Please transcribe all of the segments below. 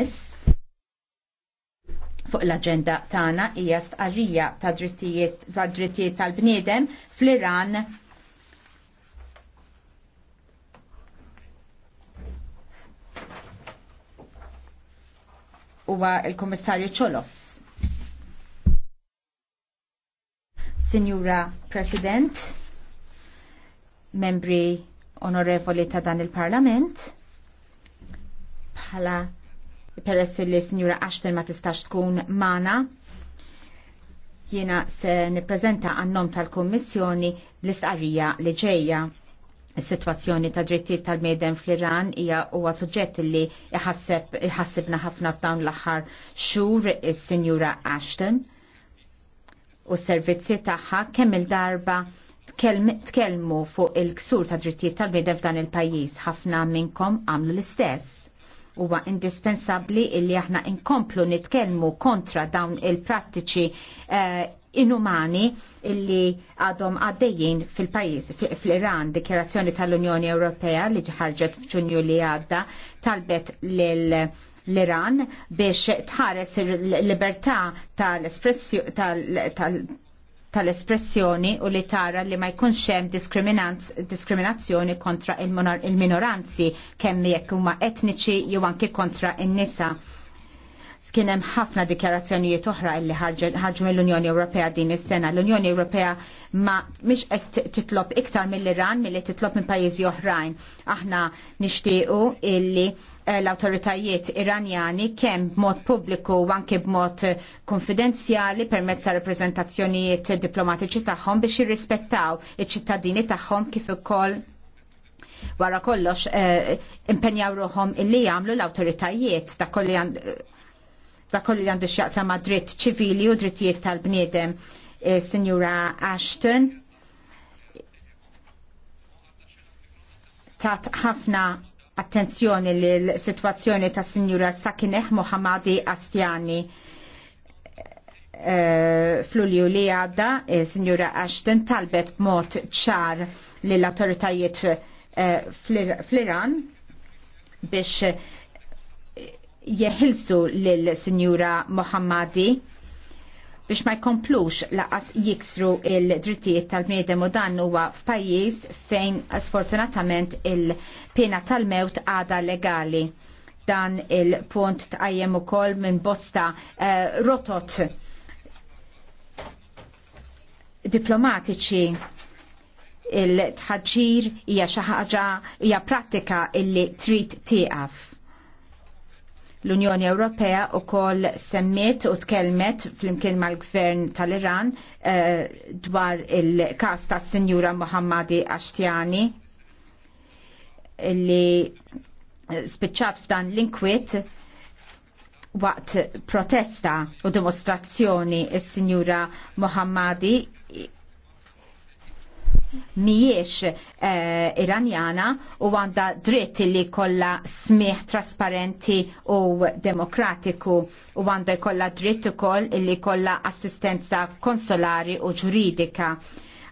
Is fuq l-agenda tagħna hija stqarrija ta' drittijiet drittijiet tal-bniedem fl-Iran huwa l-Kummissarju Ċolos. Signora President, membri onorevoli ta' dan il-Parlament, bħala peress li Signora Ashton ma tistax tkun mana, jiena se nipprezenta għannom tal-Kommissjoni l-istqarrija li ġejja. Is-sitwazzjoni ta' drittijiet tal-medem fl-Iran hija huwa suġġett li jħassibna ħafna f'dawn l-aħħar xhur is-Sinjura Ashton u s-servizzi tagħha kemm il-darba tkellmu fuq il-ksur ta' drittijiet tal-medem f'dan il-pajjiż ħafna minnkom għamlu l-istess Huwa indispensabbli illi aħna inkomplu nitkellmu kontra dawn il-prattiċi uh, inumani illi għadhom għaddejjin fil pajjiż fl iran dikjerazzjoni tal-Unjoni Ewropea li ġħarġet f'Ġunju li għadda talbet lil l-Iran biex tħares il-libertà tal-espressjoni tal tal-espressjoni u li tara li ma jkunx hemm diskriminazzjoni kontra il-minoranzi kemm jekk huma etniċi jew anki kontra in-nisa. Skien hemm ħafna dikjarazzjonijiet oħra li ħarġu mill-Unjoni Ewropea din is-sena. L-Unjoni Ewropea ma mhix qed titlob iktar mill-Iran milli titlob minn pajjiżi oħrajn. Aħna nixtiequ illi Eh, l-autoritajiet iranjani kemm b'mod pubbliku u anke b'mod eh, konfidenzjali permezz ta' rappreżentazzjonijiet diplomatiċi tagħhom biex jirrispettaw iċ-ċittadini tagħhom kif ukoll wara kollox eh, impenjaw ruħom illi jagħmlu l-awtoritajiet ta' kolli għandu x'jaqsam ma' dritt ċivili u drittijiet tal-bniedem. Eh, Sinjura Ashton tat ħafna attenzjoni l-situazzjoni ta' Sinjura Sakineh Mohammadi Astjani eh, fl-ulju li għadda, eh, Sinjura Ashton talbet mod ċar l-autoritajiet eh, fl-Iran biex jeħilsu l-Sinjura Mohammadi biex ma jkomplux laqas jiksru il-drittijiet tal-bniedem u dan huwa f'pajjiż fejn sfortunatament il-pena tal-mewt għada legali. Dan il-punt tqajjem ukoll minn bosta uh, rotot diplomatiċi il-tħaġġir hija xi ħaġa hija prattika illi trid tieqaf L-Unjoni Ewropea u koll semmiet u tkelmet fl-imkien mal-gvern tal-Iran eh, dwar il-kas ta' Sinjura Muhammadi Ashtiani li spiċċat f'dan l-inkwit waqt protesta u dimostrazzjoni s sinjura Muhammadi miex uh, eh, iranjana u għanda dritt li kolla smieħ trasparenti u demokratiku u għanda kolla dritt u koll li kolla assistenza konsolari u ġuridika.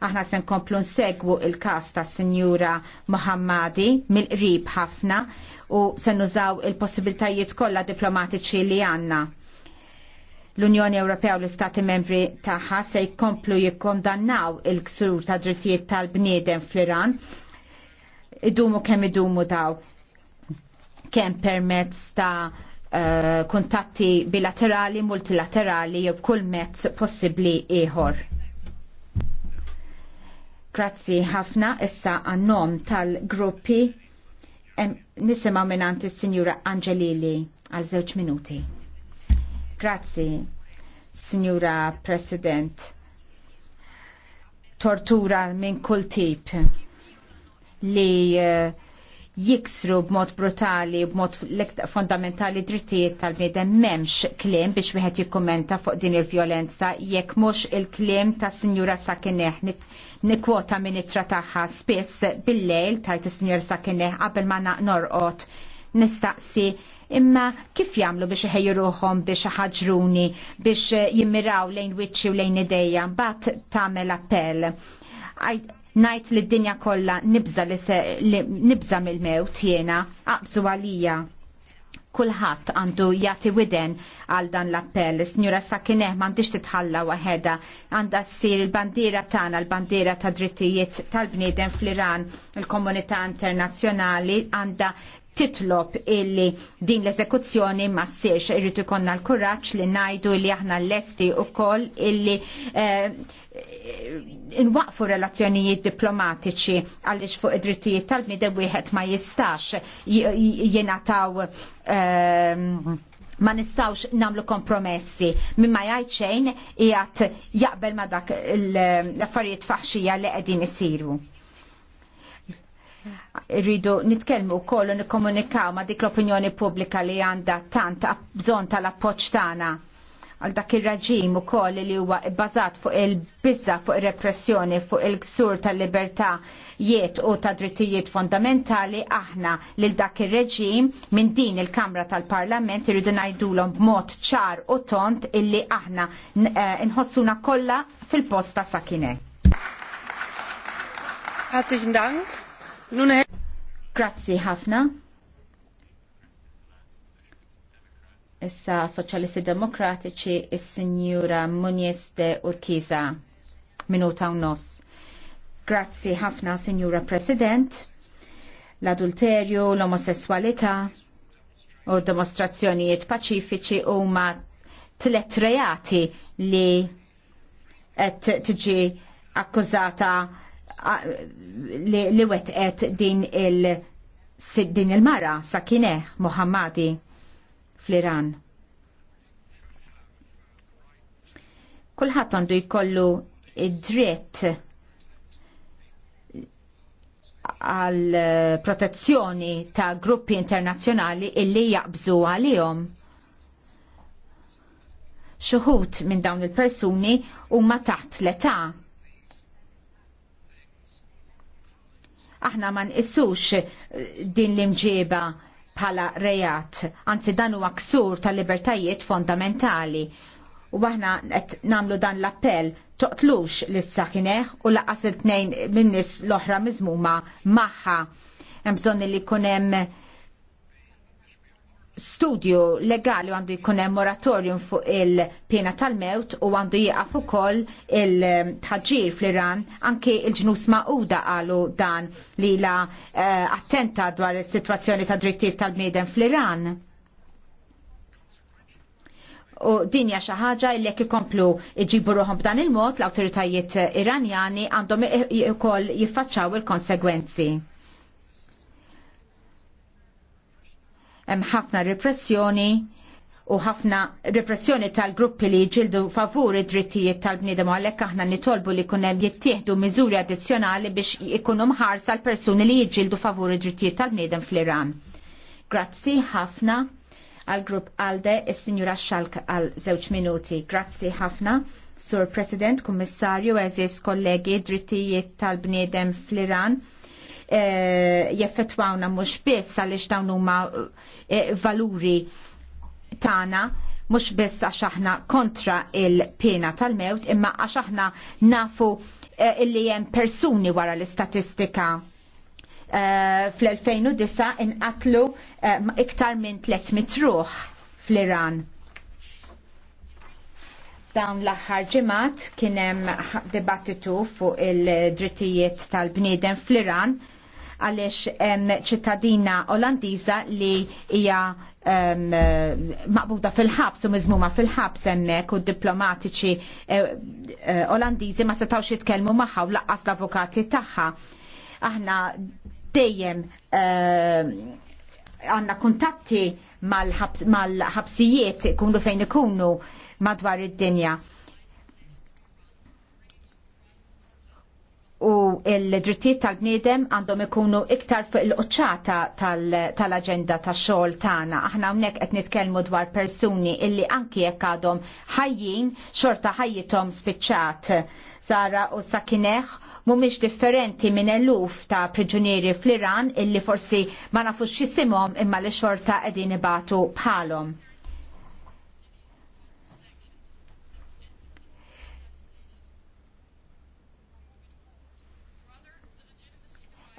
Aħna sen komplu nsegwu il-kas ta' Sinjura Muhammadi mill-qrib ħafna u sen nużaw il-possibiltajiet kolla diplomatiċi li għanna L-Unjoni Ewropea u l-Istati membri tagħha se jkomplu jikkondannaw il-ksur ta' drittijiet tal-bniedem fl-Iran. Idumu kemm idumu daw kemm permezz ta' uh, kuntatti bilaterali, multilaterali jew b'kull mezz possibbli ieħor. Grazzi ħafna issa għannom tal-gruppi nisimaw minnanti s-Sinjura Angelili għal żewġ minuti. Grazzi. Signora President. Tortura minn kull tip li eh, jiksru b'mod brutali, b'mod fondamentali drittijiet tal-bniedem memx klim biex wieħed jikkumenta fuq din il-vjolenza jekk mhux il-klim ta' Sinjura Sakineh, nikwota minn itra tagħha spiss bil-lejl tajt is-Sinjur Sakineh qabel ma norqot nistaqsi imma kif jagħmlu biex iħejju ruhom biex ħaġruni biex jimmiraw lejn wiċċi u lejn idejja mbagħad tagħmel appell. Najt li d-dinja kollha nibża li, nibża mill-mewt jiena aqbżu għalija kulħadd għandu jagħti widen għal dan l-appell. Signora Sakineh m'għandix titħalla waħedha għandha ssir il-bandiera tagħna, l-bandiera ta' drittijiet tal-bniedem fl-Iran, il-komunità internazzjonali għandha titlob illi din l-eżekuzzjoni ma ssirx irritu konna l-kuraġġ li ngħidu li aħna l lesti wkoll illi eh, nwaqfu relazzjonijiet diplomatiċi għaliex fuq id-drittijiet tal mide wieħed ma jistax jingħataw ehm, ma nistawx namlu kompromessi mimma jgħid xejn jgħat jaqbel ma dak l-affarijiet faħxija li qegħdin isiru. Irridu nitkellmu wkoll u nikkomunikaw ma' dik l-opinjoni pubblika li għandha tant bżonn tal-appoġġ tagħna għal dak ir-raġim ukoll li huwa bbażat fuq il-biża fuq ir-repressjoni fuq il-ksur tal-libertà jiet u ta' drittijiet fondamentali aħna lil dak ir-reġim minn din il-Kamra tal-Parlament irridu ngħidulhom b'mod ċar u tont illi aħna eh, nħossuna kollha fil posta sakinek. Herzlichen Dank. Grazzi ħafna. Issa Soċjalisti Demokratiċi is-Sinjura Munjes de Urkiza minuta u nofs. Grazzi ħafna, Sinjura President. L-adulterju, l-omosessualità u demonstrazzjonijiet paċifiċi huma tlet reati li qed tiġi akkużata li, li wetqet din il- din il-mara sakine Muhammadi fl-Iran. Kulħadd għandu jkollu id-dritt għal protezzjoni ta' gruppi internazzjonali illi jaqbżu għalihom. Xuħut minn dawn il-persuni huma taħt l-età aħna ma nqissux eh, din l-imġiba bħala rejat, anzi dan huwa ksur tal-libertajiet fondamentali. U aħna qed nagħmlu dan l-appell toqtlux l sakineħ u laqas il tnejn minnis l-oħra miżmuma magħha. Hemm bżonn li jkun hemm studju legali għandu jkun hemm moratorium fuq il-pena tal-mewt u għandu jieqaf ukoll il-tħaġġir fl-Iran anke il-ġnus maquda qalu dan li la uh, attenta dwar is-sitwazzjoni ta' drittijiet tal-bniedem fl-Iran. U din hija xi ħaġa li jekk ikomplu jġibu ruħhom b'dan il-mod l-awtoritajiet Iranjani għandhom ukoll jiffaċċaw il-konsegwenzi. hemm ħafna repressjoni u ħafna repressjoni tal-gruppi li ġildu favur id-drittijiet tal-bniedem għalhekk aħna nitolbu li jkun hemm jittieħdu miżuri addizzjonali biex ikunu mħarsa l-persuni li jġildu favur id-drittijiet tal bnidem fl-Iran. Grazzi ħafna għal grupp għalde il sinjura Xalk għal żewġ minuti. Grazzi ħafna, Sur President, Kummissarju, Eżis, kollegi, drittijiet tal-bniedem fl-Iran Eh, Jeffetwawna mhux biss għaliex dawn huma eh, valuri tagħna mhux biss għax aħna kontra il-pena tal-mewt imma għax aħna nafu eh, illi hemm persuni wara l-istatistika fl-2009 inqatlu iktar minn 300 ruħ fl-Iran dawn l-aħħar ġimat kien hemm dibattitu fuq il-drittijiet tal-bniedem fl-Iran għaliex hemm ċittadina Olandiża li hija maqbuda fil-ħabs u miżmuma fil-ħabs hemmhekk u diplomatiċi eh, eh, Olandiżi ma setgħux jitkellmu magħha u laqqas l-avukati tagħha. Aħna dejjem eh, għandna kuntatti mal-ħabsijiet ikunu fejn ikunu madwar id-dinja u l drittijiet tal-bniedem għandhom ikunu iktar fuq il-qoċċata qċata tal tax-xogħol tagħna. Aħna hawnhekk qed nitkellmu dwar persuni illi anki jekk għadhom ħajjin xorta ħajjithom spiċċat. Zara u Sakineħ mhumiex differenti minn eluf ta' priġunieri fl-Iran illi forsi ma nafux xisimhom imma li xorta qegħdin ibatu bħalhom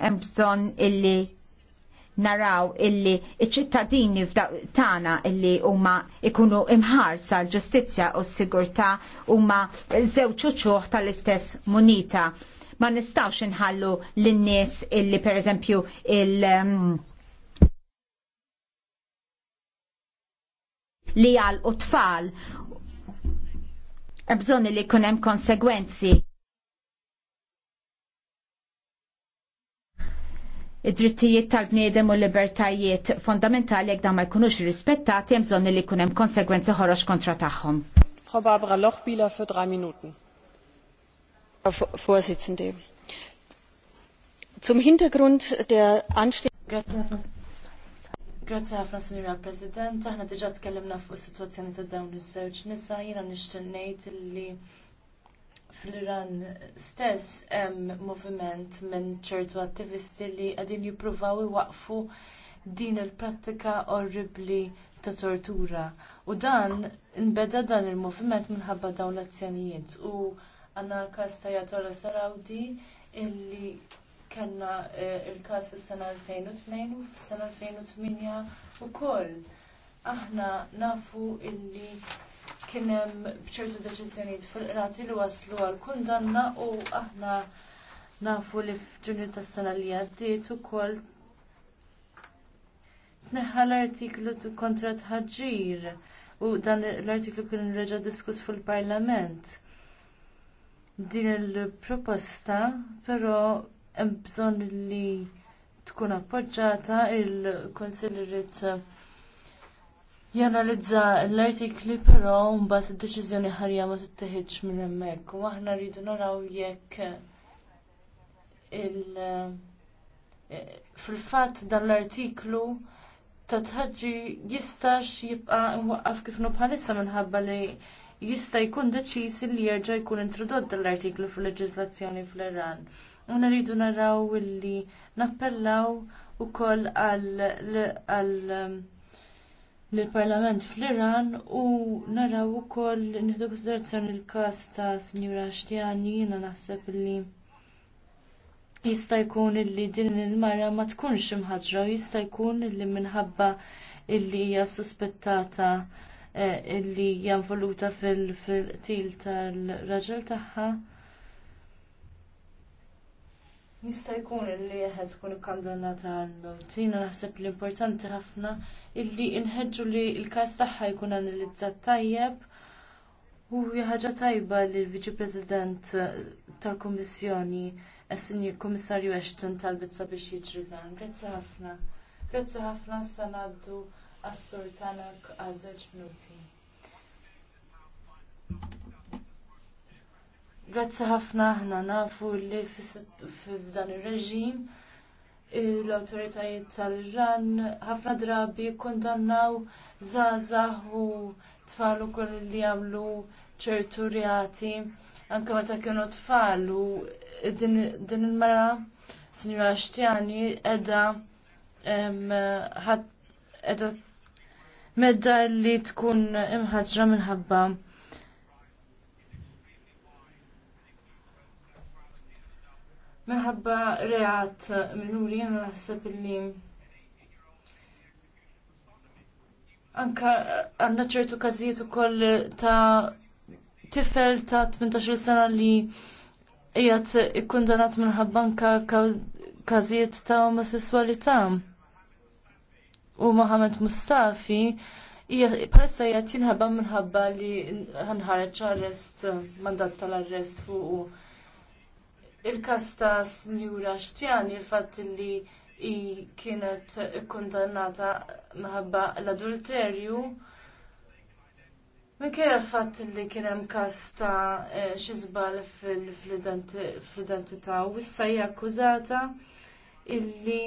hemm bżonn illi naraw illi iċ-ċittadini tagħna illi huma ikunu imħarsa l-ġustizzja u s-sigurtà huma żewġ uċuħ tal-istess munita. Ma nistawx inħallu lin-nies illi pereżempju il- mm, li għal u tfal bżonni li jkun hemm konsegwenzi. id-drittijiet tal-bniedem u libertajiet fondamentali jekk dan ma jkunux rispettati hemm bżonn li jkun hemm konsegwenzi ħorox kontra tagħhom. Frau Barbara Lochbieler für drei Minuten. Frau Vorsitzende, zum Hintergrund der anstehenden Grazie ħafna Sinjura President, aħna diġà tkellimna fuq is-sitwazzjoni ta' dawn iż-żewġ nisa, jiena nixtieq ngħid li fl-Iran stess hemm moviment minn ċertu attivisti li qegħdin jippruvaw iwaqfu din il-prattika orribbli ta' tortura. U dan inbeda dan il-moviment minħabba dawn l-azzjonijiet. U għandna l-każ ta' Jatola Sarawdi illi kellna eh, il-każ fis-sena 2002 u fis-sena 2008 ukoll. Aħna nafu illi kien hemm bċertu deċiżjonijiet fil-qrati li waslu għal kundanna u aħna nafu li f'ġunju tas-sena li għaddiet ukoll tneħħa l-artiklu kontra tħaġġir u dan l-artiklu kien reġa' diskuss fil-Parlament. Din il-proposta però hemm bżonn li tkun appoġġata il-Konsill irid janalizza l-artikli però mbagħad id-deċiżjoni ħarja ma tittieħidx minn hemmhekk u aħna rridu naraw jekk il fil-fatt dan l-artiklu ta' tħaġġi jistax jibqa' waqqaf kif nu bħalissa minħabba li jista' jkun deċiż li jerġa' jkun introdott dan l-artiklu fil-leġiżlazzjoni fl-Iran. U rridu naraw illi nappellaw ukoll għal l-Parlament fl-Iran u naraw ukoll nieħdu konsiderazzjoni l-każ ta' Sinjura Xtjani jiena naħseb li jista' jkun illi din il-mara ma tkunx imħaġġra u jista' jkun illi minħabba illi hija suspettata eh, illi hija involuta fil-qtil tal-raġel tagħha Nista' jkun li jeħed tkun ikkandannata għal mewtina naħseb li importanti ħafna illi nħeġġu li l-każ tagħha jkun analizzat tajjeb u hija ħaġa tajba li l-Viċi President tal-Kummissjoni is-Sinjur Kummissarju Ashton talbet sabiex jiġri dan. Grazzi ħafna. Grazzi ħafna sa ngħaddu għas-sur tagħna għal żewġ minuti. Grazzi ħafna ħna nafu li f'dan ir-reġim l-autoritajiet tal-Iran ħafna drabi kondannaw zazah u tfal ukoll li jagħmlu ċertu reati anke meta kienu tfal u din il-mara Sinjura Xtjani edha edha medda li tkun imħaġġa minħabba Meħabba reat minuri jena naħseb illi anka għanna ċertu kazijiet u koll ta' tifel ta' 18 sena li jgħat ikkundanat minħabba anka kazijiet ta' omosessualità. U Mohamed Mustafi Palessa jgħat jinħabba minħabba li ħanħarġ arrest, mandat tal-arrest fuq il-kas ta' Sinjura Xtjani, il-fatt li i kienet kundannata minħabba l-adulterju. Minkejja l-fatt li kien hemm każ ta' eh, xi żball fl-identità u issa hija akkużata illi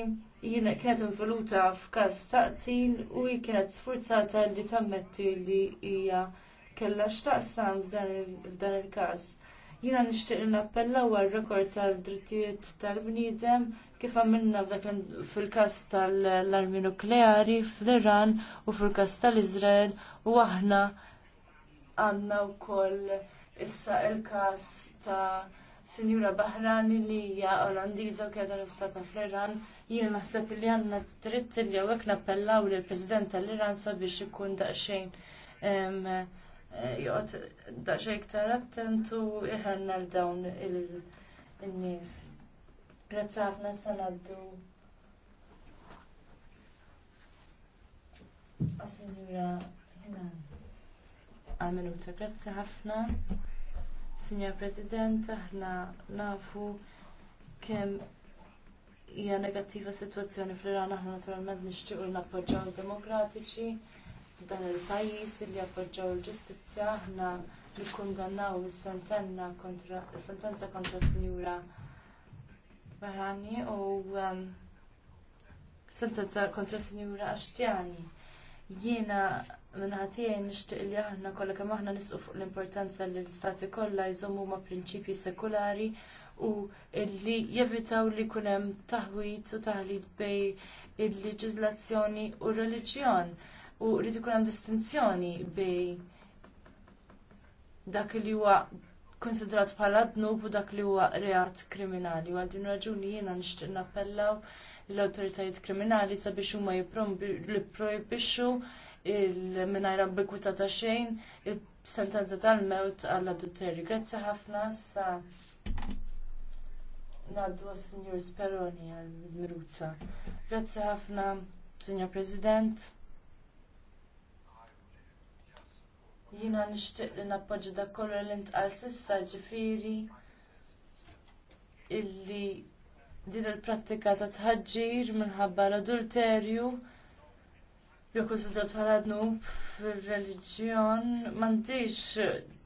jiena kienet involuta f'każ ta' qtil u hi kienet sfurzata li tammetti li hija kellha x'taqsam f'dan il-każ. Jiena nixtieq nappellaw għar-rekord tal-drittijiet tal-bniedem kif għamilna fil-każ tal-armi nukleari fl-Iran u fil-każ tal-Iżrael u aħna għandna wkoll issa il-każ ta' Sinjura Bahrani li hija Olandiża u kienet arrestata fl-Iran, jiena naħseb li għandna dritt li hekk nappellaw lill-President tal-Iran sabiex ikun daqsxejn joqgħod daċe iktar attentu iħenna l dawn il nis Grazzafna sanaddu. Asinjura ah, ħina. Għal minuta, grazzi ħafna. Signor President, aħna nafu kem hija negattiva situazzjoni fl-Iran aħna naturalment nixtiequ nappoġġaw demokratiċi f'dan il-pajjiż li appoġġaw il-ġustizzja aħna nikkundannaw is-sentenza kontra is-sentenza kontra Sinjura Barani u um, sentenza kontra Sinjura Axtjani. Jiena minħatijaj nixtieq li aħna kollha kemm aħna nisqu fuq l-importanza li l-istati kollha jżommu ma' prinċipji sekulari u li jevitaw li jkun hemm taħwit u taħlit bejn il-leġiżlazzjoni u r-reliġjon u rrid ikun hemm distinzjoni bej dak li huwa konsidrat bħala dnub u dak li huwa reat kriminali. U għal din raġuni jiena nixtieq nappellaw l awtoritajiet kriminali sabiex huma jipprojbixxu il-minajra bikwita ta' xejn il-sentenza tal-mewt għall adulteri Grazzi ħafna sa naddu għas-Sinjur Speroni għal-Miruta. Grazzi ħafna, Signor President. Jiena nixtieq li nappoġġi dak kollu li ntqal sissa ġifieri illi din il-prattika ta' tħaġġir minħabba l-adulterju jew konsidrat bħala dnub fir-reliġjon m'għandix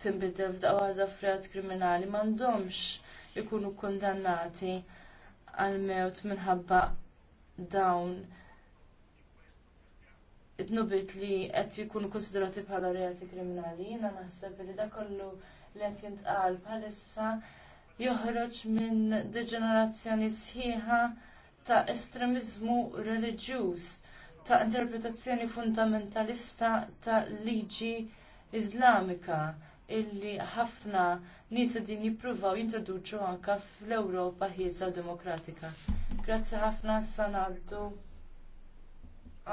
tinbidel f'daqqa waħda f'reat kriminali m'għandhomx ikunu kundannati għal mewt minħabba dawn id-nubit li qed jikun konsiderati bħala reati kriminali, jiena naħseb li da kollu li qed jintqal bħalissa joħroġ minn deġenerazzjoni sħiħa ta' estremiżmu reliġjuż, ta' interpretazzjoni fundamentalista ta' liġi Iżlamika illi ħafna nies din jippruvaw jintroduċu anke fl-Ewropa ħiesa demokratika. Grazzi ħafna sanaddu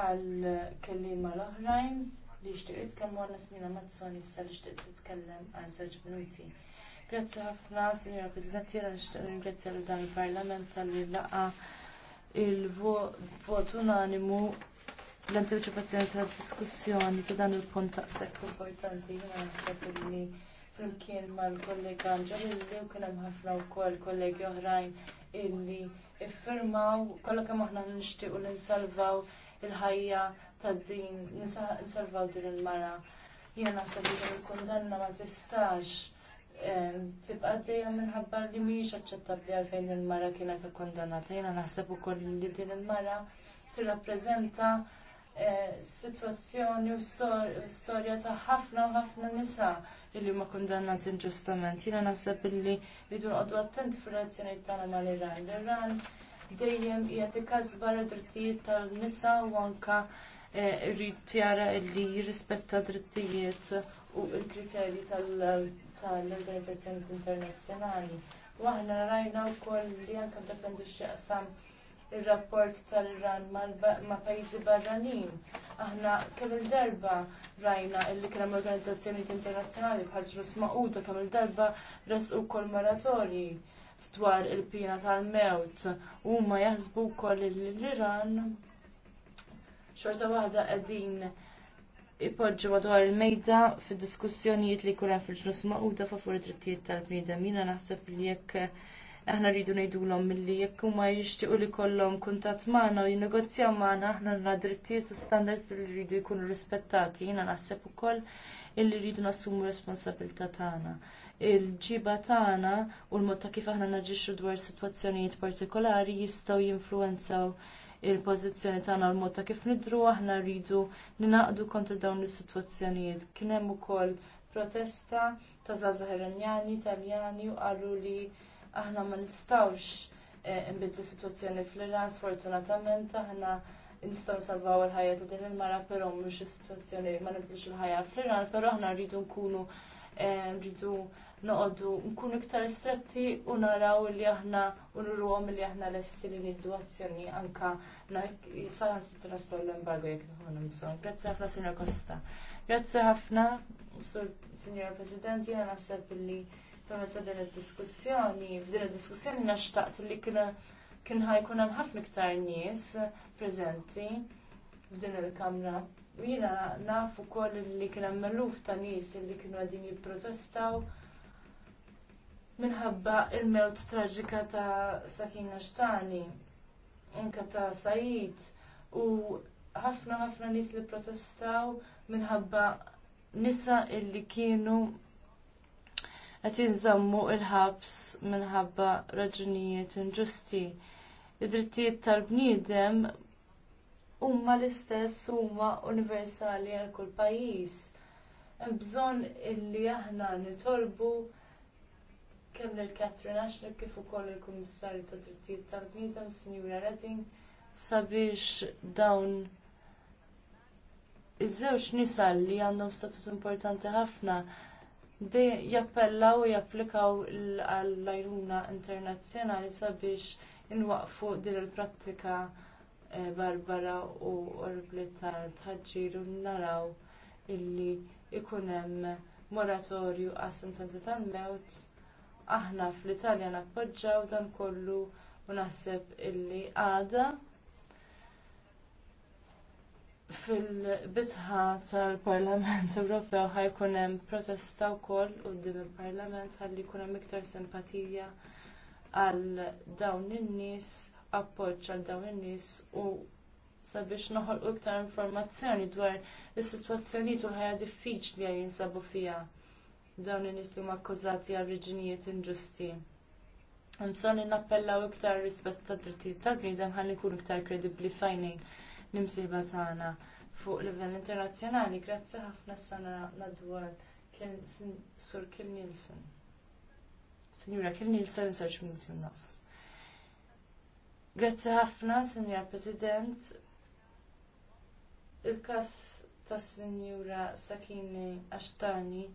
għal kelliema l-oħrajn li xtiq jitkellmu għal Nasmina Mazzoni issa li xtiq titkellem għal żewġ minuti. Grazzi ħafna, Sinjora President, jiena nixtieq ringrazzja lil dan il-Parlament tal-li laqa il-vot unanimu l-anticipazzjoni tad-diskussjoni ta' dan il-punt taqsek importanti jiena naħseb li flimkien mal-kollega Anġelilli u kien hemm ħafna wkoll kollegi oħrajn illi iffirmaw kollha kemm aħna nixtiequ li nsalvaw il-ħajja ta' din, nsalvaw din il-mara. Jena naħseb li din il-kundanna ma tistax eh, tibqa dejjem minħabba li mhijiex aċċettabbli għalfejn il-mara kienet kundannata. Jiena naħseb ukoll li din il-mara tirrappreżenta eh, situazzjoni u storja ta' ħafna u ħafna nisa illi ma kundannat inġustament. Jiena naħseb illi li dun attenti fir-relazzjonijiet tagħna mal-Iran. L-Iran dejjem qiegħed ikkażbar drittijiet tan-nisa u anke eh, rrid jara li jirrispetta drittijiet u l-kriterji tal-organizzazzjoni internazzjonali. U aħna rajna wkoll li anke dak għandu x'jaqsam ir-rapport tal-Iran ma' pajjiżi barranin. Aħna kemm il-darba rajna illi kien organizzazzjonijiet internazzjonali bħal ġrus maquda kemm il-darba resqu wkoll moratorji dwar il-pina tal-mewt huma jaħsbu wkoll l-Iran xorta waħda qegħdin ipoġġu madwar il-mejda fid diskussjonijiet li jkun hemm fil-ġnus maquda favur it-drittijiet tal-bniedem. Jiena naħseb li jekk aħna rridu ngħidulhom milli jekk huma jixtiequ li jkollhom kuntatt magħna u jinnegozjaw magħna aħna għandna drittijiet u standards li rridu jkunu rispettati. Jiena naħseb ukoll illi rridu nassumu responsabilità tagħna. Il-ġiba tagħna u l-mod ta' kif aħna naġixxu dwar sitwazzjonijiet partikolari jistgħu jinfluenzaw il-pożizzjoni tagħna u l-mod ta' kif nidru aħna rridu ninaqdu kontra dawn is-sitwazzjonijiet. Kien hemm ukoll protesta ta' żgħażagħ Iranjani, Taljani u qalu li aħna ma nistgħux eh, nbidlu sitwazzjoni fl-Iran sfortunatament aħna nistgħu nsalvaw il-ħajja ta' din il-mara però mhux is-sitwazzjoni ma nibdilx il-ħajja fl-Iran, però aħna rridu nkunu eh, rridu noqogħdu nkunu iktar stretti u naraw li aħna u nurruhom li aħna lesti li niddu azzjoni anka saħan sitraslu l-embargo jekk nħunu bżonn. Grazzi ħafna Sinjor Kosta. Grazzi ħafna Sinjor President, jiena naħseb li permezz din id-diskussjoni, f'din id-diskussjoni naxtaqt li kien kien ħajkun hemm ħafna iktar nies preżenti f'din il-kamra. U jiena naf ukoll li kien hemm eluf ta' nies li kienu qegħdin jipprotestaw minħabba l mewt traġika ta' Sakina Xtani, anke ta' Sajid u ħafna ħafna nies li protestaw minħabba nisa illi kienu qed jinżammu l ħabs minħabba raġunijiet inġusti. Id-drittijiet tal-bniedem huma l-istess huma universali għal kull pajjiż. Hemm bżonn illi aħna nitolbu kemm il Catherine Ashton kif ukoll il-Kummissarju ta' Drittijiet tal-Bniedem Sinjura Redding sabiex dawn iż-żewġ nisa li għandhom statut importanti ħafna jappellaw u japplikaw għall-lajruna internazzjonali sabiex inwaqfu din il-prattika Eh, Barbara u Orbli tal-tħagġiru naraw illi ikun hemm moratorju għas sentenza tal-mewt. Aħna fl-Italja nappoġġaw dan kollu u naħseb illi għada fil-bitħa tal-Parlament Ewropew ħajkun hemm protesta wkoll quddiem il-Parlament ħalli jkun hemm iktar simpatija għal dawn in-nies appoġġ għal dawn in-nies u sabiex noħolqu iktar informazzjoni dwar is-sitwazzjonijiet u l-ħajja diffiċli li jinsabu fiha dawn in-nies li huma akkużati għal riġinijiet inġusti. Mson nappellaw iktar rispett tad drittijiet tal-bniedem ħalli jkunu iktar kredibbli fajnejn l-imsiba tagħna fuq livell internazzjonali grazzi ħafna s-sana nadwar Sur Kil Nielsen. Signora Kil Nielsen, sarċ minuti u Grazzi ħafna, Sinjor President. Il-kas ta' Sinjura Sakini Ashtani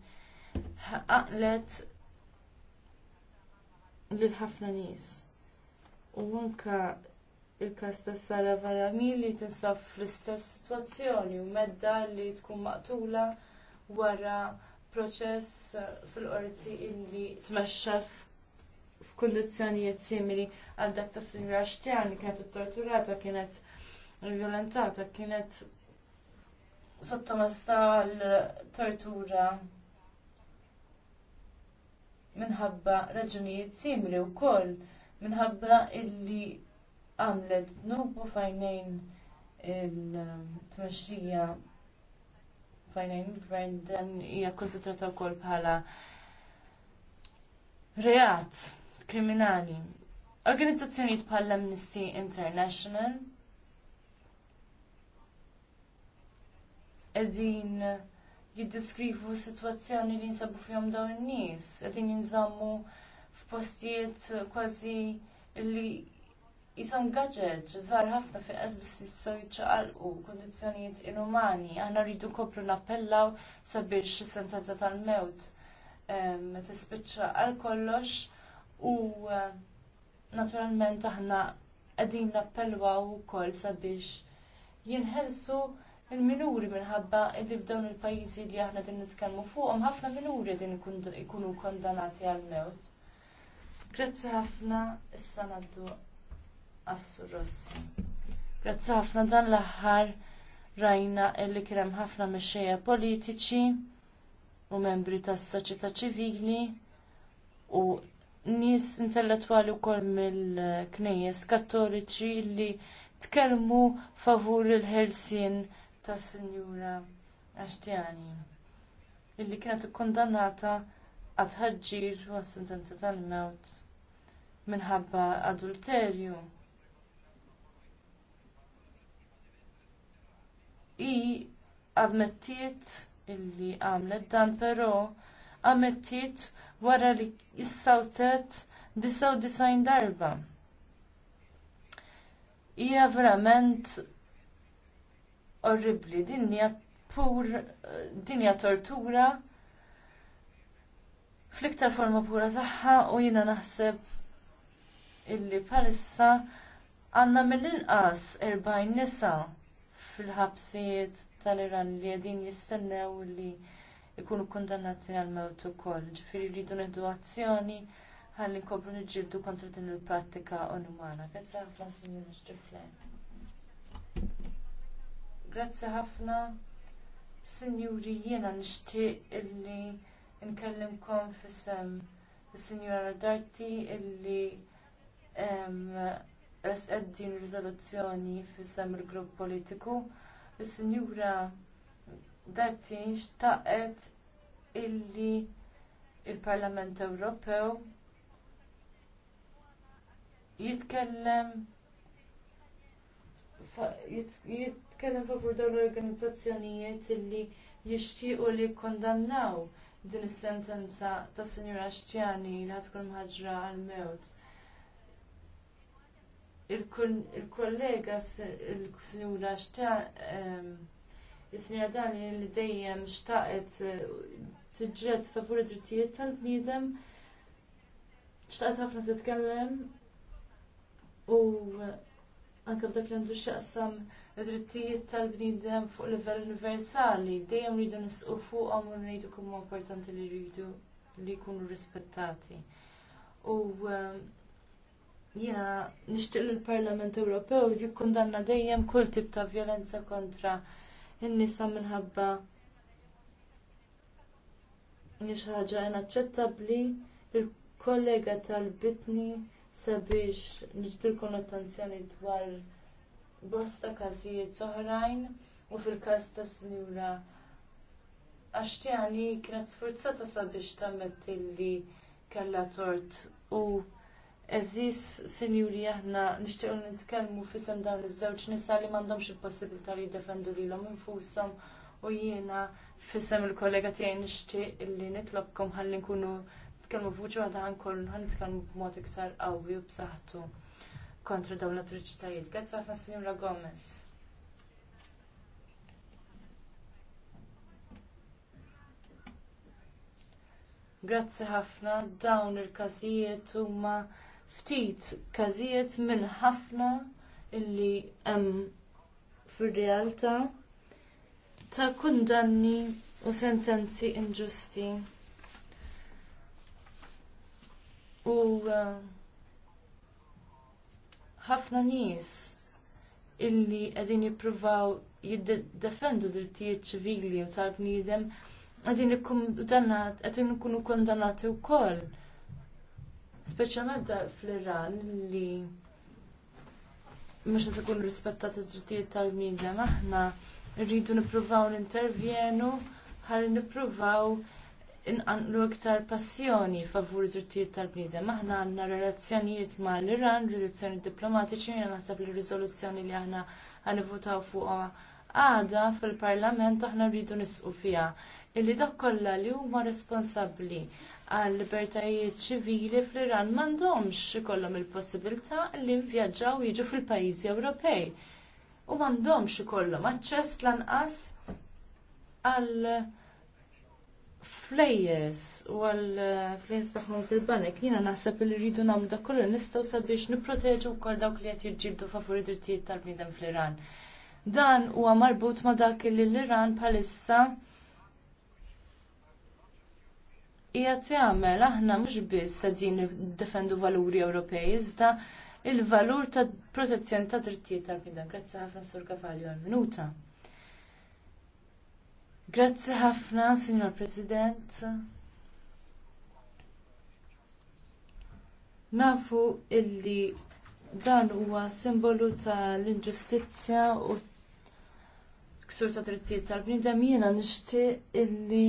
ħaqlet lil ħafna nies. U anke il-kas ta' Sara Varami li tinsab fl-istess sitwazzjoni u medda li tkun maqtula wara proċess fil-qorti illi tmexxa f'kundizzjonijiet simili għal dak ta' sinjura Xtjan li kienet torturata, kienet violentata, kienet sottomessa l-tortura minħabba raġunijiet simili wkoll minħabba illi għamlet nubu fajnejn il-tmexxija fajnejn il-gvern dan hija konsidrata wkoll bħala reat kriminali. Organizzazzjonijiet bħal Amnesty International edin jiddeskrivu situazzjoni li jinsabu fihom dawn in-nies, edin jinżammu f'postijiet kważi li jisom gadget, żgħar ħafna fi qasbis jistgħu jiċċaqalqu kundizzjonijiet inumani, aħna rridu kopru nappellaw sabiex is-sentenza tal-mewt eh, tispiċċa għal kollox u eh, naturalment aħna qegħdin nappellwaw ukoll sabiex jinħelsu il-minuri minħabba li f'dawn il-pajjiżi li aħna din nitkellmu fuqhom ħafna minuri din ikunu kondannati għal mewt. Grazzi ħafna issa ngħaddu għassu Rossi. Grazzi ħafna dan l-aħħar rajna illi kien hemm ħafna mexxejja politiċi u membri tas-soċjetà ċivili u nies intellettwali wkoll mill-knejjes kattoliċi li tkellmu favur il-ħelsien tas Sinjura Ashtiani illi kienet ikkundannata għad ħaġġir u sentenza tal-mewt minħabba adulterju. I ammettiet illi għamlet dan, però ammettiet wara li issawtet 99 darba. Hija verament orribli, dinja pur, dinja tortura fl-iktar forma pura tagħha u jiena naħseb illi bħalissa għandna mill-inqas 40 nisa fil ħabsiet tal-Iran li qegħdin jistennew li ikunu kondannati għal-mewt ukoll. Ġifieri rridu nedu azzjoni ħalli nkopru niġġieldu kontra din il-prattika onumana. Grazzi ħafna, Signor Ġifler. Grazzi ħafna, Sinjuri, jiena nixtieq illi nkellimkom fisem is-Sinjura Darti illi resqed din riżoluzzjoni fisem il-grupp politiku. is Dartin xtaqet illi il-Parlament Ewropew jitkellem jitkellem favur dawn l-organizzazzjonijiet illi jixtiequ li kondannaw din is-sentenza tas Sinjura Xtjani li ħatkun mħaġra għall mewt Il-kollega il-Sinjura Xtjani Is-sinja Dani li dejjem xtaqet eh, tiġġed favur id-drittijiet tal-bniedem xtaqet ħafna titkellem u eh, anke f'dak li għandu x'jaqsam id-drittijiet tal-bniedem fuq livell universali dejjem rridu nisqu fuqhom u rridu kemm importanti li rridu li jkunu rispettati. U eh, jiena nixtieq lill parlament Ewropew jikkundanna dejjem kull tip ta' vjolenza kontra in-nisa minħabba nix ħaġa inaċċettabbli il-kollega tal-bitni sabiex niġbil konnotazzjoni dwar bosta każijiet oħrajn u fil-każ tas Sinjura għaxtjani kienet sforzata sabiex tammet illi kellha tort u Eżis, sinjuri, aħna nishtiqo nitkellmu fissem dawn iż-żewġ nisa li m'għandhomx il-possibilità li jiddefendu lilhom infushom u jiena fissem il-kollega tiegħi nixtieq li nitlobkom ħalli nkunu għan kollu għan nitkelmu b b'mod iktar qawwi u b'saħħtu kontra dawn l-atroċitajiet. Grazzi ħafna Sinjura Gomez. Grazzi ħafna dawn il każijiet huma ftit każijiet minn ħafna illi hemm fir-realtà ta' kundanni u sentenzi inġusti. U eh, ħafna nies illi qegħdin jippruvaw jiddefendu drittijiet ċivili u tal-bniedem qegħdin ikunu kundannati wkoll speċjalment fl-Iran li mhux qed ikun rispettat id-drittijiet tal-bniedem aħna rridu nippruvaw nintervjenu ħalli nippruvaw inqanqlu iktar passjoni favur id-drittijiet tal-bniedem. Aħna għandna relazzjonijiet ma' l-Iran, relazzjoni diplomatiċi, jiena naħseb li riżoluzzjoni li aħna ħanivutaw fuqha għada fil-Parlament aħna rridu nisqu fiha illi dak kollha li huma responsabbli għal libertajiet ċivili fl-Iran m'għandhomx ikollhom il-possibilità li vvjaġġaw jiġu fil-pajjiżi Ewropej. U m'għandhomx ikollhom aċċess lanqas għal flejjes u għal flejjes tagħhom fil-banek. Jiena naħseb li rridu nagħmlu dak kollu nistgħu sabiex nipproteġu wkoll dawk li qed jiġġieldu favur id-drittijiet tal-bniedem fl-Iran. Dan huwa marbut ma' dak li l-Iran bħalissa hija jagħmel aħna mhux biss qegħdin niddefendu valuri Ewropej iżda il-valur ta' protezzjoni ta' drittijiet tal-bnidem. Grazzi ħafna Sur Kavalju għal-minuta. Grazzi ħafna, Signor President. Nafu illi dan huwa simbolu tal-inġustizzja u ksur ta' drittijiet tal-bnidem jiena nixtieq illi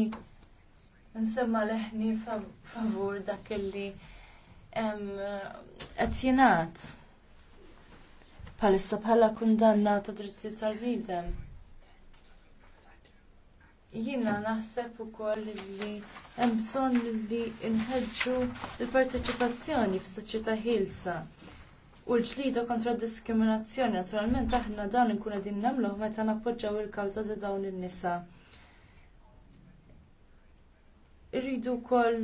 nsemma leħni favur dak li għazjenat bħalissa bħala kundanna ta' dritti tal-bidem. Jiena naħseb ukoll li hemm bżonn li nħeġġu l-parteċipazzjoni f'soċjetà ħilsa. U l-ġlida kontra d diskriminazzjoni, naturalment aħna dan nkun din nagħmluh meta nappoġġaw il-kawża ta' dawn in-nisa irridu wkoll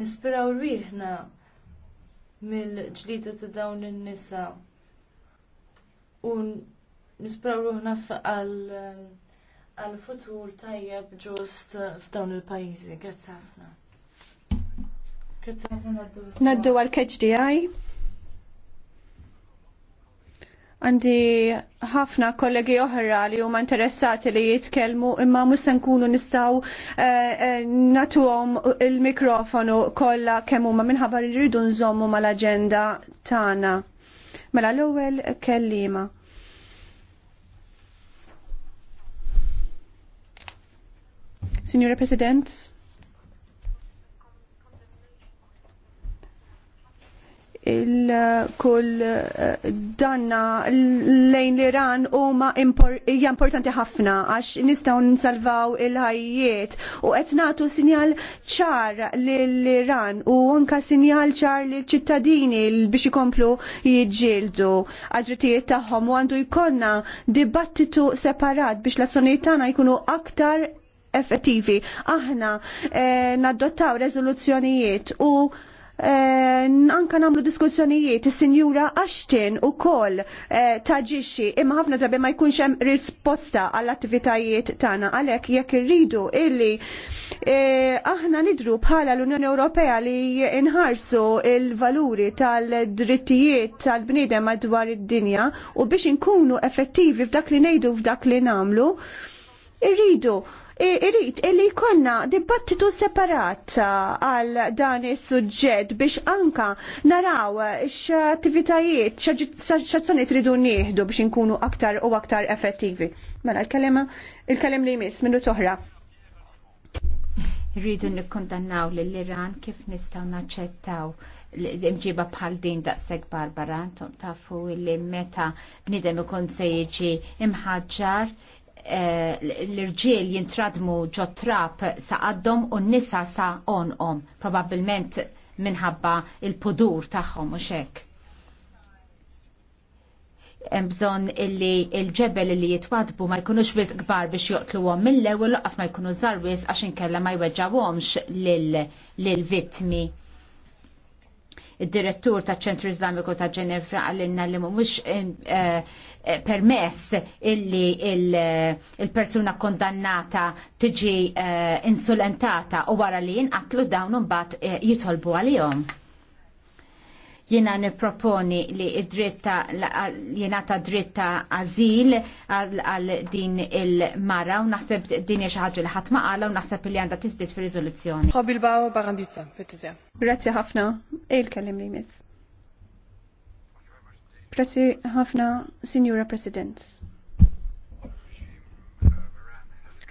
nispiraw rriħna mill-ġlida ta' dawn in-nisa u nispiraw ruħna għal futur tajjeb ġust f'dawn il-pajjiżi. Grazzi ħafna. Grazzi ħafna Naddu għal-keġ Għandi ħafna kollegi oħra li huma interessati li jitkellmu imma mhux se nkunu nistgħu eh, eh, nagħtuhom il-mikrofonu kollha kemm huma minħabba li rridu nżommu mal-aġenda tagħna. Mela l-ewwel kellima. Signora President, il-kull eh, danna lejn l-Iran huma hija importanti ħafna għax nistgħu nsalvaw il-ħajjiet u qed nagħtu sinjal ċar lill-Iran u anka sinjal ċar lill ċittadini biex ikomplu jiġġieldu għadritijiet tagħhom u għandu jkollna dibattitu separat biex l-azzjonijiet tagħna jkunu aktar effettivi. Aħna eh, naddottaw rezoluzzjonijiet u Eh, anka namlu diskussjonijiet is-sinjura Ashton u kol eh, taġixxi imma ħafna drabi ma jkunx hemm risposta għall-attivitajiet tagħna għalhekk jekk irridu illi eh, aħna nidru bħala l-Unjoni Ewropea li nħarsu il-valuri tal-drittijiet tal-bniedem madwar id-dinja u biex inkunu effettivi f'dak li ngħidu f'dak li nagħmlu irridu irrit illi konna dibattitu separat uh, għal dan is suġġett biex anka naraw x'attivitajiet, x'azzjonijiet ridu nieħdu biex inkunu aktar u aktar effettivi. Mela kelema il-kelem li jmiss minnu toħra. Rridu nikkondannaw l iran kif nistgħu naċċettaw imġiba bħal din daqseg Barbara, tom tafu li meta bnidem ikun se jiġi imħagġar Eh, l-irġiel jintradmu ġotrap trap sa' għaddom u n-nisa sa' onqom, probabilment minħabba il-pudur tagħhom u xek. Mbżon illi il-ġebel illi jitwadbu ma jkunux wis kbar biex joqtlu għom mill-ewel, għas ma jkunux zarwis għax inkella ma jweġġawhomx lil-vitmi. Lil id-direttur ta' ċentru Islamiku ta' Ġenefra għallinna li mhux eh, eh, permess illi eh, il-persuna kondannata tiġi insulentata u wara li jinqatlu dawn imbagħad jitolbu għalihom. Jiena nipproponi li id-dritta ta' dritta azil għal din il-mara u naħseb din xi ħaġa li ħadd ma qala u naħseb li għandha tiżdied fir-riżoluzzjoni. Bilbao Barandizza, bittizja. Grazzi ħafna. il kellim li miss. Grazzi ħafna, Signora President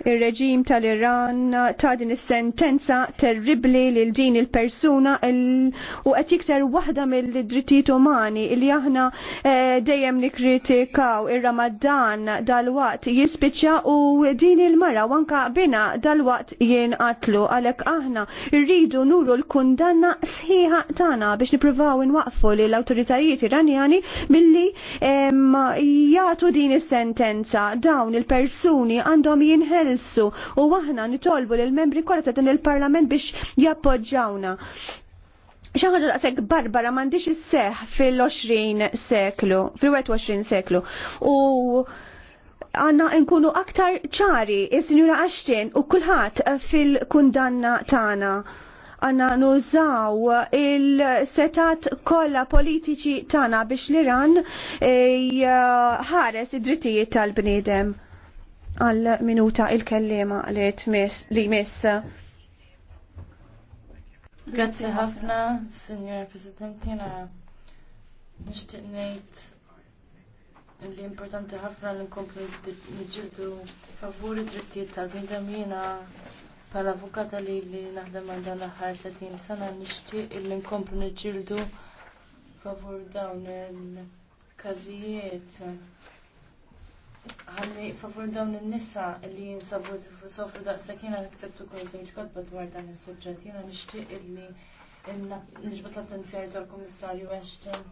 ir-reġim tal-Iran ta' din is-sentenza terribli lil din il-persuna u qed jikser waħda mill-drittijiet umani li aħna eh, dejjem nikkritikaw ir-Ramadan dal-waqt jispiċċa u din il-mara Wanka bina dal-waqt jinqatlu għalhekk aħna rridu nuru l-kundanna sħiħa tagħna biex nippruvaw inwaqfu lil awtoritajiet Iranjani billi jagħtu din is-sentenza dawn il-persuni għandhom jinħel jitħallsu u aħna nitolbu lill membri kollha ta' din il-Parlament biex jappoġġawna. ħaġa daqshekk barbara m'għandix seħ fil-20 seklu, fil-21 seklu. U għanna nkunu aktar ċari, il sinjura Ashton u kulħadd fil-kundanna tagħna għanna nużaw il-setat kolla politiċi tagħna biex l-Iran eh, ħares id-drittijiet tal-bniedem għal minuta il-kellima li jmiss. Grazzi ħafna, Signor President, jena nishtiq nejt li importanti ħafna li nkomplu nġildu favuri drittijiet tal-bnidem jena bħala avukata li li naħdem għal dan l-aħħar 30 sena nixtieq li nkomplu niġġieldu favur dawn il-każijiet ħalli favur dawn in-nisa li jinsabu sofru sakina jiena ktibtu kull żewġ kotba dwar dan is-suġġett. Jiena nixtieq illi niġbed l-attenzjoni tal-Kummissarju Ashton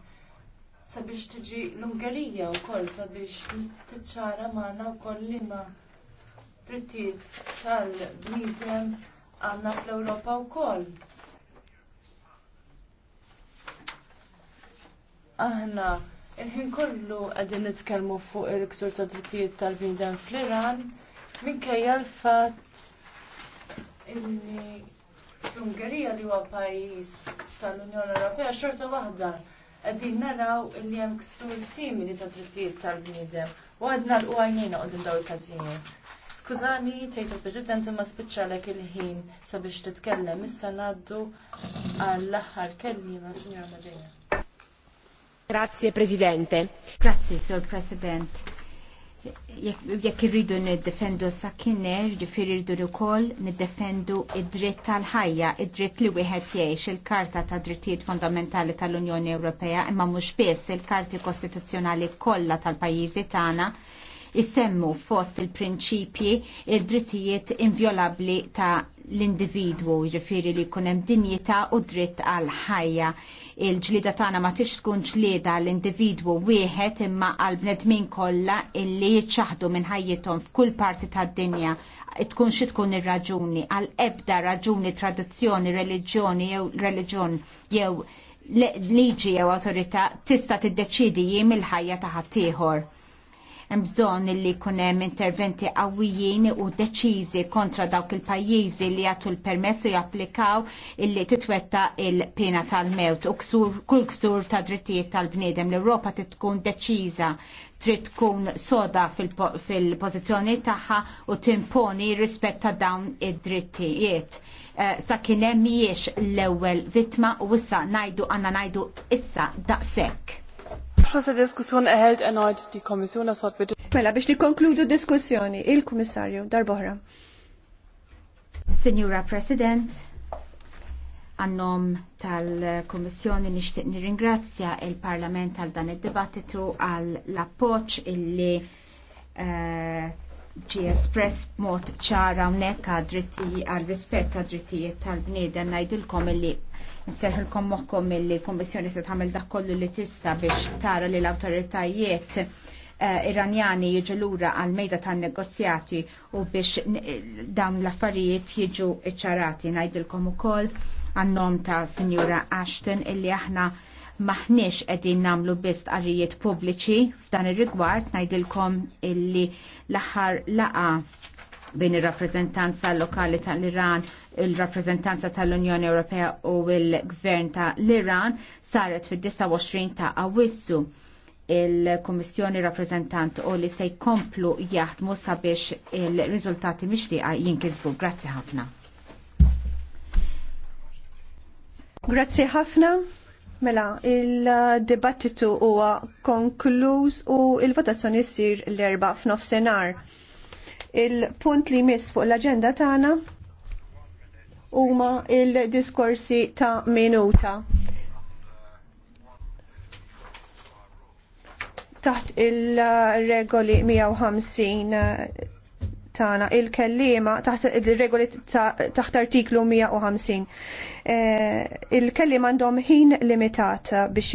sabiex tiġi l-Ungerija wkoll sabiex tiċċara magħna wkoll li ma drittijiet tal-bniedem għandna fl-Ewropa wkoll. Aħna Il-ħin kollu għadin nitkellmu fuq il-ksur ta' drittijiet tal-bniedem fl-Iran minkejja l-fatt illi l-Ungerija li huwa pajjiż tal-Unjoni Ewropea xorta waħda qegħdin naraw illi hemm ksur simili ta' drittijiet tal-bniedem u għadna l-qwajnina qudiem daw il-każijiet. Skużani, tgħid il-President imma spiċċalek il-ħin sabiex titkellem issa ngħaddu għall-aħħar kelliema, Sinjora Madeja. Grazie Presidente. Grazie, Sir President. Jekk irridu niddefendu s-sakkiner, ġifiri rridu wkoll niddefendu id-dritt tal-ħajja, id-dritt li wieħed jgħix il-Karta ta' Drittijiet Fondamentali tal-Unjoni Ewropea, imma mhux biss il-Karti Kostituzzjonali kollha tal-pajjiżi tagħna issemmu fost il-prinċipji id-drittijiet invjolabbli ta' l-individwu, jiġifieri li jkun hemm dinjità u dritt għal ħajja il-ġlida tagħna ma tix tkun ġlida l-individwu wieħed imma għal bnedmin kollha illi jiċċaħdu minn ħajjithom f'kull parti tad-dinja tkun xi tkun ir-raġuni għal ebda raġuni tradizzjoni, reliġjoni jew reliġjon jew liġi jew awtorità tista' tiddeċidi jiem il-ħajja ta' ħaddieħor Hemm bżonn li jkun hemm interventi qawwijin u deċiżi kontra dawk il-pajjiżi li jagħtu l permessu japplikaw illi titwetta il-pena tal-mewt u ksur kull ksur ta' drittijiet tal-bniedem l-Ewropa tkun deċiża trid tkun soda fil-pożizzjoni tagħha u timponi rispett ta' dawn id-drittijiet eh, sa kien hemm l-ewwel vittma u issa ngħidu għandna ngħidu issa daqshekk. Abschluss der Diskussion erhält erneut die Kommission das Wort bitte. Mela biex nikkonkludu diskussjoni il-Kummissarju darbohra. Signora President, għannom tal-Kommissjoni nixtieq nirringrazzja il-Parlament għal dan id-dibattitu għal l-appoġġ illi uh, ġi espress b'mod ċara unnek dritti għal rispett tad drittijiet tal-bniedem najdilkom illi nserħilkom moħkom illi l-Kommissjoni se tagħmel dak kollu li tista' biex tara li l-awtoritajiet eh, Iranjani jiġu lura għal mejda tan negozjati u biex dawn l-affarijiet jiġu iċċarati. Najdilkom ukoll għan-nom ta' Sinjura Ashton illi aħna maħniex qegħdin namlu biss arrijiet pubbliċi f'dan ir-rigward ngħidilkom illi l-aħħar laqa bejn ir-rappreżentanza lokali tal-Iran il-rappreżentanza tal-Unjoni Ewropea u l-Gvern ta' l-Iran saret fid-29 ta' Awwissu il-Kommissjoni Rappresentant u li se jkomplu jaħdmu sabiex il-riżultati mixtieqa jinkisbu. Grazzi ħafna. Grazzi ħafna. Mela, il-dibattitu huwa konkluż u il-votazzjoni ssir l-erba f'nofsinhar. Il-punt li jmiss fuq l-aġenda tagħna huma il-diskorsi ta' minuta. Taħt il-regoli 150 tana il-kellima taħt il-regoli taħt artiklu 150. Eh, il-kellima għandhom ħin limitat biex